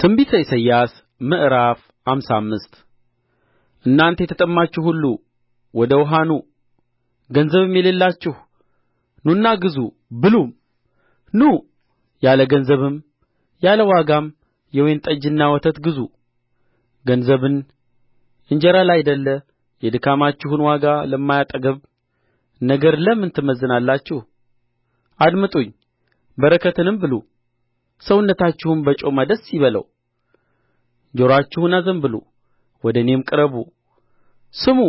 ትንቢተ ኢሳይያስ ምዕራፍ ሃምሳ አምስት እናንተ የተጠማችሁ ሁሉ ወደ ውኃ ኑ ገንዘብም የሌላችሁ ኑና ግዙ ብሉም ኑ ያለ ገንዘብም ያለ ዋጋም የወይን ጠጅና ወተት ግዙ ገንዘብን እንጀራ ላይደለ የድካማችሁን ዋጋ ለማያጠግብ ነገር ለምን ትመዝናላችሁ አድምጡኝ በረከትንም ብሉ ሰውነታችሁም በጮማ ደስ ይበለው ጆሮአችሁን አዘንብሉ ወደ እኔም ቅረቡ ስሙ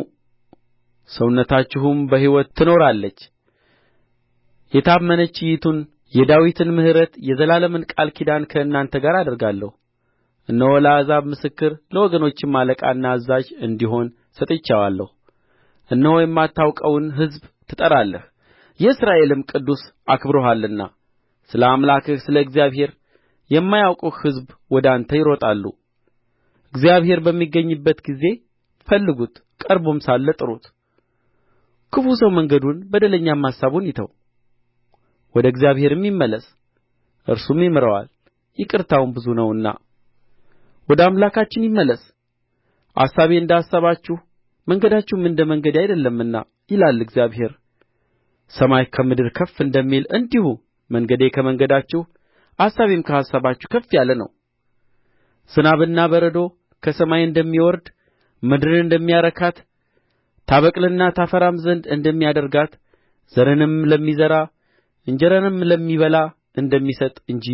ሰውነታችሁም በሕይወት ትኖራለች የታመነችይቱን የዳዊትን ምሕረት የዘላለምን ቃል ኪዳን ከእናንተ ጋር አደርጋለሁ እነሆ ለአሕዛብ ምስክር ለወገኖችም አለቃና አዛዥ እንዲሆን ሰጥቼዋለሁ እነሆ የማታውቀውን ሕዝብ ትጠራለህ የእስራኤልም ቅዱስ አክብሮሃልና ስለ አምላክህ ስለ እግዚአብሔር የማያውቁህ ሕዝብ ወደ አንተ ይሮጣሉ እግዚአብሔር በሚገኝበት ጊዜ ፈልጉት ቀርቦም ሳለ ጥሩት ክፉ ሰው መንገዱን በደለኛም አሳቡን ይተው ወደ እግዚአብሔርም ይመለስ እርሱም ይምረዋል ይቅርታውም ብዙ ነውና ወደ አምላካችን ይመለስ አሳቤ እንደ አሳባችሁ መንገዳችሁም እንደ መንገዴ አይደለምና ይላል እግዚአብሔር ሰማይ ከምድር ከፍ እንደሚል እንዲሁ መንገዴ ከመንገዳችሁ አሳቤም ከአሳባችሁ ከፍ ያለ ነው ዝናብና በረዶ ከሰማይ እንደሚወርድ ምድርን እንደሚያረካት ታበቅልና ታፈራም ዘንድ እንደሚያደርጋት ዘርንም ለሚዘራ እንጀራንም ለሚበላ እንደሚሰጥ እንጂ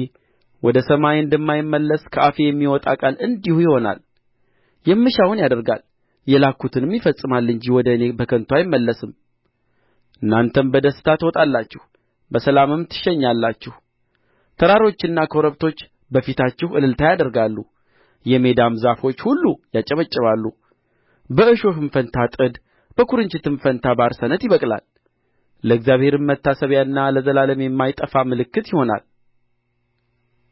ወደ ሰማይ እንደማይመለስ ከአፌ የሚወጣ ቃል እንዲሁ ይሆናል የምሻውን ያደርጋል የላክሁትንም ይፈጽማል እንጂ ወደ እኔ በከንቱ አይመለስም እናንተም በደስታ ትወጣላችሁ በሰላምም ትሸኛላችሁ ተራሮችና ኮረብቶች በፊታችሁ እልልታ ያደርጋሉ የሜዳም ዛፎች ሁሉ ያጨበጭባሉ በእሾህም ፋንታ ጥድ በኵርንችትም ፋንታ ባርሰነት ይበቅላል ለእግዚአብሔርም መታሰቢያና ለዘላለም የማይጠፋ ምልክት ይሆናል